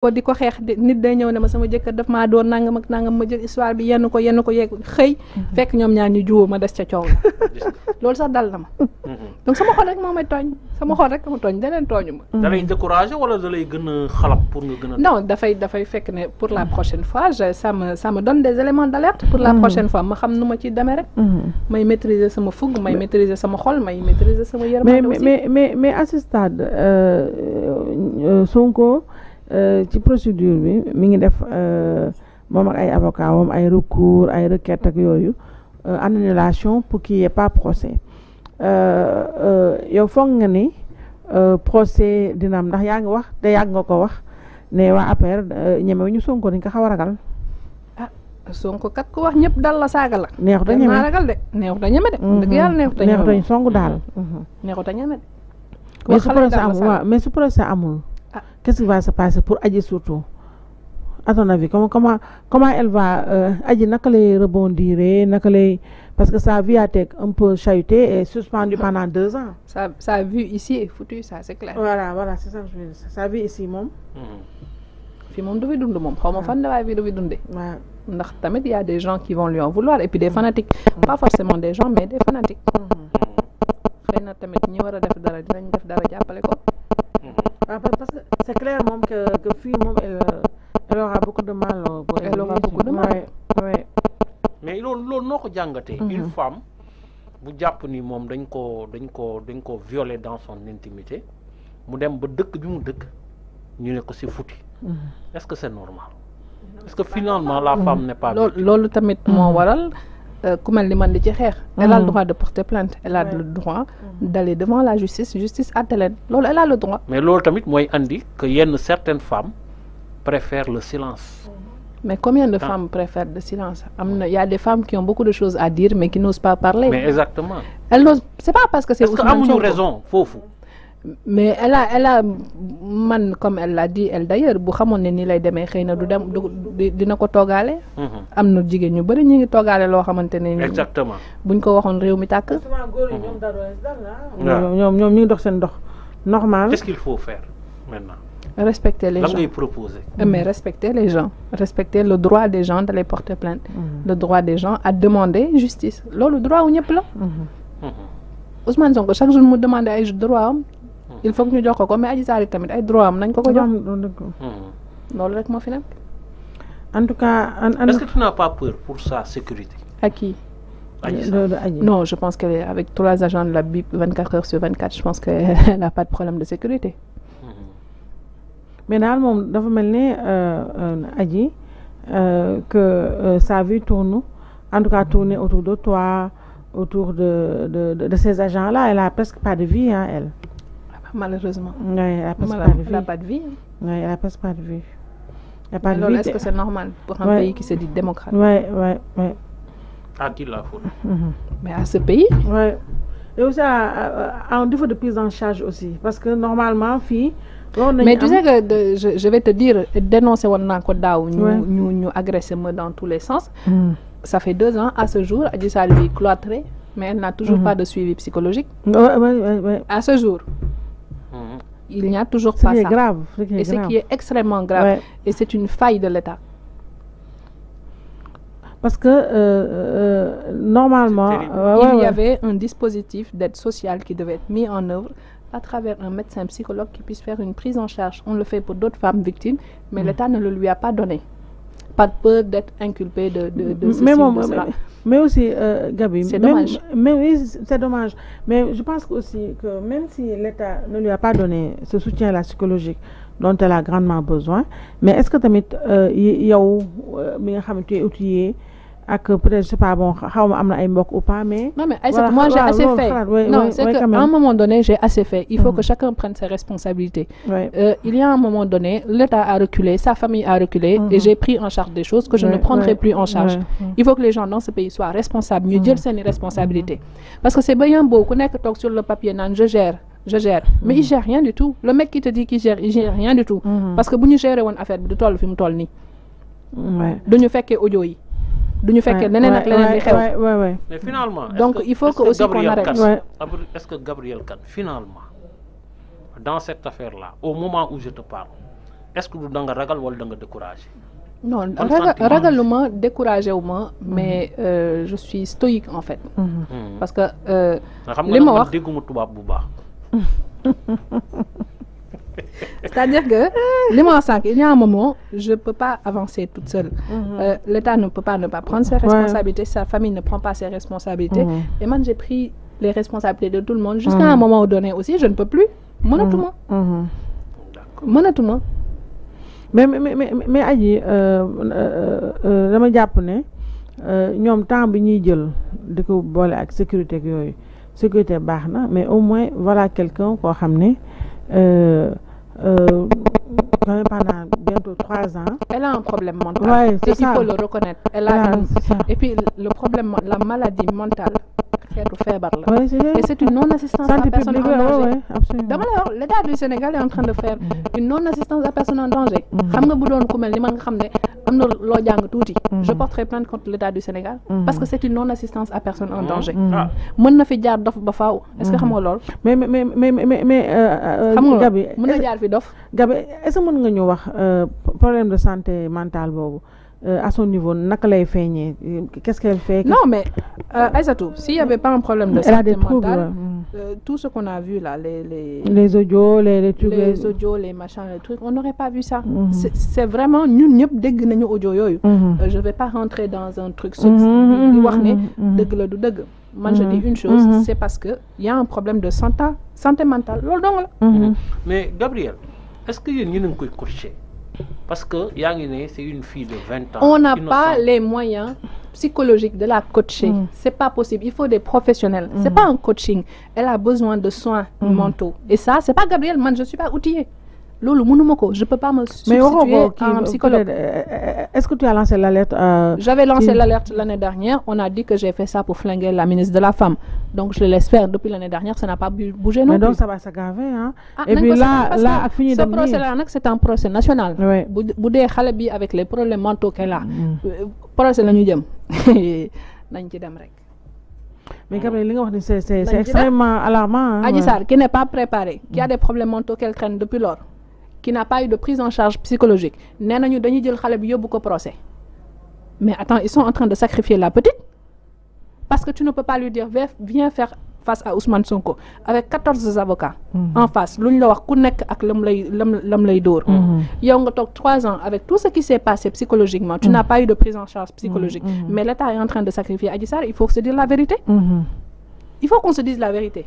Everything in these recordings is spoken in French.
ko di ko xeex nit day ñëw ne ma sama jëkkër daf maa doon nangam ak nangam ma jël histoire bi yenn ko yenn ko yeeg xëy mhm. fekk ñoom ñaar ñu juwoo ma des ca coow la loolu sax dal na ma mhm. donc sama xol moo may tooñ sama xol rek ma tooñ deneen tooñu ma da lay découragé wala da lay gën a xalab pour nga gën a non dafay dafay fekk ne pour la mhm. prochaine fois je ça me ça me donne des éléments d' alerte pour la prochaine fois ma xam nu ma ciy demee rek may maîtriser sama fugg may maîtriser sama xol may maîtriser sama yërmande aussi mais mais mais à ce stade euh, euh, Sonko Euh, ci procédure bi mi ngi def euh, moom ak ay avocat wam ay recours ay requête ak yooyu en euh, annulation pour qu'il y ait pas procès yow foog nga ni procès dina am ndax yaa ngi wax te yàgg nga ko wax ne waa APR ñemewu ñu Sonko ni nga xaw a ragal ah, sonko kat ko wax ñëpp dal la saaga la neexu ta ñeme ragal de neexu da ñeme de dëgg yàlla neexu da ñeme neexu ta songu daal neexu ta ñeme de mais su procès amul mais su procès amul Ah, qu'est-ce qui va se passer pour Adji surtout À ton avis, comment, comment, comment elle va. Euh, Adji, rebondir Parce que sa vie a été un peu chahutée et suspendue ah. pendant deux ans. Sa, sa vie ici est foutue, ça, c'est clair. Voilà, voilà, c'est ça que je veux dire. Sa vie ici, mon. Puis, mon, fi dund, mon. xawma ah. fan de la vie devait dund ndax tamit y a des gens qui vont lui en vouloir et puis des hmm. fanatiques hmm. pas forcément des gens mais des fanatiques hmm. tamit ñi wara def dara dinañ def dara jappalé ko euh, elle, aura beaucoup de mal. Euh, elle, aura beaucoup de mal. mais il y a une femme qui a été violée dañ son dañ Elle dañ été violée dans son intimité mu dem ba bi mhm. est-ce que c'est normal est-ce que finalement la mhm. femme n'est pas violée tamit ce mhm. waral euh, ku mel ni elle a le droit de porter plainte elle a le droit d'aller devant la justice justice à Telen. elle a le droit mais loolu tamit mooy andi que yenn certaines femmes préfèrent le silence. Mais combien de Tant. femmes préfèrent le silence Il y a des femmes qui ont beaucoup de choses à dire, mais qui n'osent pas parler. Mais exactement. Elles n'osent. C'est pas parce que c'est. Parce qu'elle raison, faux, mais elle a elle a man comme elle l'a dit elle d'ailleurs bu xamoon ne nii lay demee xëy na du dem du dina ko toggaale. Mhm. am na jigéen ñu bëri ñu ngi toggaale loo xamante ne. exactement buñ ko waxoon réew mi tàkk. Mhm. Ah. ñoom ñoom ñu ngi dox seen dox normal. qu'est-ce qu'il faut faire maintenant. Respecter euh, les gens. Mais respecter les gens. Respecter le droit des gens d'aller porter plainte. Mhm. Le droit des gens à demander justice. Là, le droit, on n'y pas Ousmane chaque jour nous demande un droit mhm. il faut que ñu jox ko ko mais Adji Sarr tamit ay droit am nañ ko ko jox mhm. loolu rek moo fi en tout cas est-ce que tu n'as pas peur pour sa sécurité à qui non je pense qu'avec trois tous les agents de la BIP 24 heures sur 24 je pense qu'elle n'a pas de problème de sécurité mais normalement le dafa mel dit euh, euh, aji euh, que sa vie tourne en tout cas tourner autour de toi autour de de de, ces agents là elle n'a presque pas de vie hein elle. malheureusement. oui elle n'a hein. presque pas de vie elle a pas de vie. oui elle n'a presque pas de vie. est-ce que c'est normal pour un pays qui se dit démocrate. oui oui oui. À qui la faute mm-hmm. Mais à ce pays. oui et aussi à, un défaut de prise en charge aussi parce que normalement fille mais tu sais que je, vais te dire dénoncer on a Ou nous nous dans tous les sens. Hmm. ça fait deux ans à ce jour ça à lui cloîtré mais elle n'a toujours hmm. pas de suivi psychologique. à ce jour. Hmm. il n'y a toujours pas ça. Grave, qui est et ce qui est extrêmement grave. et c'est une faille de l'État. parce que euh, euh, normalement. il y avait un dispositif d'aide sociale qui devait être mis en œuvre à travers un médecin psychologue qui puisse faire une prise en charge. On le fait pour d'autres femmes victimes, mais mm. l'État ne le lui a pas donné. Pas de peur d'être inculpé de, de, de mais, aussi, euh, Gabi, c'est dommage. Mais oui, c'est dommage. Mais je pense aussi que même si l'État ne lui a pas donné ce soutien à la psychologique, dont elle a grandement besoin. Mais est-ce que tu as mis, euh, y, euh, a où, ak peut-être sais pas bon xawma amna ou pas mais. non mais moi j'ai assez fait non c'est qu'à un moment donné j'ai assez fait il faut que mm. chacun prenne ses responsabilités. Euh, il y a un moment donné l'État a reculé sa famille a reculé. Mm-hmm. et j'ai pris en charge des choses que je ne prendrai plus en charge. il faut que les gens dans ce pays soient responsables ñu c'est mm-hmm. une responsabilités. Mm-hmm. parce que c'est bien beau qu'on que sur le papier je gère. je gère. Mais il ne gère rien du tout. Le mec qui te dit qu'il gère, il gère rien du tout. Parce que si nous gérons une affaire, de tol, film ni. Ouais. nous que du ñu fekkee leneen ak leneen di xew. mais finalement. donc il faut que aussi qu'on arrête. est-ce que Gabriel Kane finalement dans cette affaire là au moment où je te parle est-ce que du da nga ragal wala da nga découragé. non ragaluma découragé mhm. mais euh, je suis stoïque en fait. Mhm. Mhm. parce que euh, li ma wax xam tubaab bu baax. C'est-à-dire que, les il y a un moment, je ne peux pas avancer toute seule. Mm-hmm. Euh, L'État ne peut pas ne pas prendre ses responsabilités, sa famille ne prend pas ses responsabilités. Mm-hmm. Et moi, j'ai pris les responsabilités de tout le monde. Jusqu'à mm-hmm. un moment donné aussi, je ne peux plus. Moi, tout le monde. mais mais mais mais aji euh, euh, dama me euh, ñoom temps bi temps, jël di ko ak sécurité ak sécurité mais au moins voilà quelqu'un qui a Euh, euh, quand même pendant bientôt trois ans. Elle a un problème mental. Ouais, c'est ça. Il faut le reconnaître. Elle a une... Et puis le problème, la maladie mentale. c'est et c'est une non assistance à personne en danger Ouais, absolument. Donc alors, l'État du Sénégal est en train de faire mm. une non assistance à personne en danger. Mm. xam nga bu ne mm. je porterai plainte contre l'état du Sénégal. parce que c'est une non assistance à personne en danger. Ah. mën na fi jaar dof est ce que xam nga ça mais mais mais mais mais mais. Euh, euh, xam euh, na Gabi est-ce que mën nga euh, problème de santé mentale euh, à son niveau nakalay lay euh, qu'est-ce qu'elle fait non mais euh, Aïssatou s'il y avait pas un problème de santé mentale tout ce qu'on a vu là les les les audios les les trucs les audios les machins les trucs on n'aurait pas vu ça mhm. c'est vraiment ñun ñep dégg nañu audio yooyu mhm. je vais pas rentrer dans un truc ce mhm, di wax la du je dis une chose c'est parce que y a un problème de santé santé mentale lol mais Gabriel est-ce que a parce que Yangine, c'est une fille de 20 ans. on n'a pas les moyens psychologiques de la coacher. Mm. c'est pas possible il faut des professionnels. c'est mm. pas un coaching elle a besoin de soins mm. mentaux et ça c'est pas Gabriel man je suis pas outillée. Je ne je peux pas me substituer un psychologue euh, euh, est-ce que tu as lancé l'alerte euh, j'avais lancé l'alerte l'année dernière on a dit que j'ai fait ça pour flinguer la ministre de la femme donc je le laisse faire depuis l'année dernière ça n'a pas bougé non mais donc ça va s'aggraver hein ah, et puis là là ce procès là c'est un procès national Oui. dee avec les problèmes mentaux qu'elle a mm. euh, procès là, nous jëm nañ ci dem mais Gabriel les c'est extrêmement alarmant hein, Adji qui n'est pas préparé qui a mm. des problèmes mentaux qu'elle traîne depuis lors qui n'a pas eu de prise en charge psychologique nee dañuy jël xale bi beaucoup de procès mais attends ils sont en train de sacrifier la petite parce que tu ne peux pas lui dire viens faire face à Ousmane Sonko avec 14 avocats mhm. en face luñ la wax ku y ak lam lay lam lay mhm. nga tok 3 ans avec tout ce qui s'est passé psychologiquement tu mhm. n'as pas eu de prise en charge psychologique mais l'état est en train de sacrifier il faut se dire la vérité il faut qu'on se dise la vérité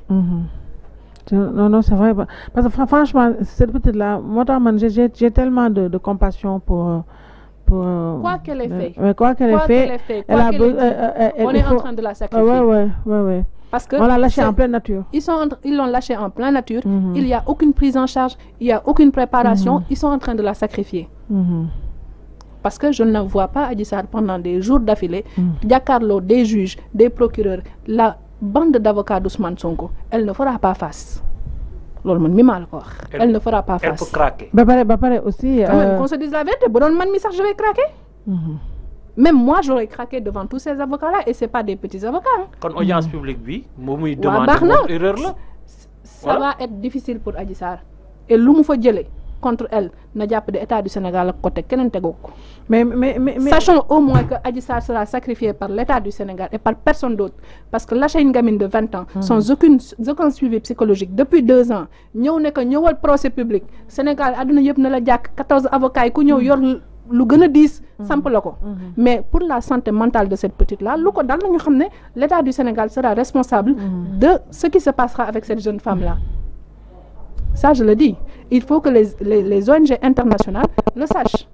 non, non, c'est vrai. Bah, parce que franchement, cette petite-là, moi, j'ai tellement de, de, compassion pour, euh, euh, quoi qu'elle ait fait. on est en train de la sacrifier. Parce que on l'a lâché en pleine nature. Ils ils l'ont lâché en pleine nature. Mm-hmm. Il n'y a aucune prise en charge, il n'y a aucune préparation. Mm-hmm. Ils sont en train de la sacrifier. Mm-hmm. Parce que je ne vois pas Adissar pendant des jours d'affilée. Diacarlo, mm. des juges, des procureurs, la bande d'avocats d'Ousmane Sonko, elle ne fera pas face man mi ko wax. elle ne fera pas face elle peut craquer. ba pare ba pare aussi. quand euh, se dise la vérité bon man mi sax je vais craquer. Mhm. même moi j'aurais craqué devant tous ces avocats là et c'est pas des petits avocats. Quand hein. audience mhm. publique bi. momuy demander demande erreur la. ça va être difficile pour Adji et lu mu fa contre elle na japp de état du Sénégal ak côté. kenen mais mais mais sachons au moins que Adji sera sacrifiée par l'État du Sénégal et par personne d'autre. parce que lâcher une gamine de 20 ans. Hmm. sans aucune aucun suivi psychologique depuis deux ans ñew ne que ñewal procès public Sénégal aduna yeb na la jàkk quatorze avocats ku ñew hmm. yor. lu gëna a hmm. mais pour la santé mentale de cette petite là lu dal du Sénégal sera responsable de ce qui se passera avec cette jeune femme là ça, je le dis. Il faut que les, les, les ONG internationales le sachent.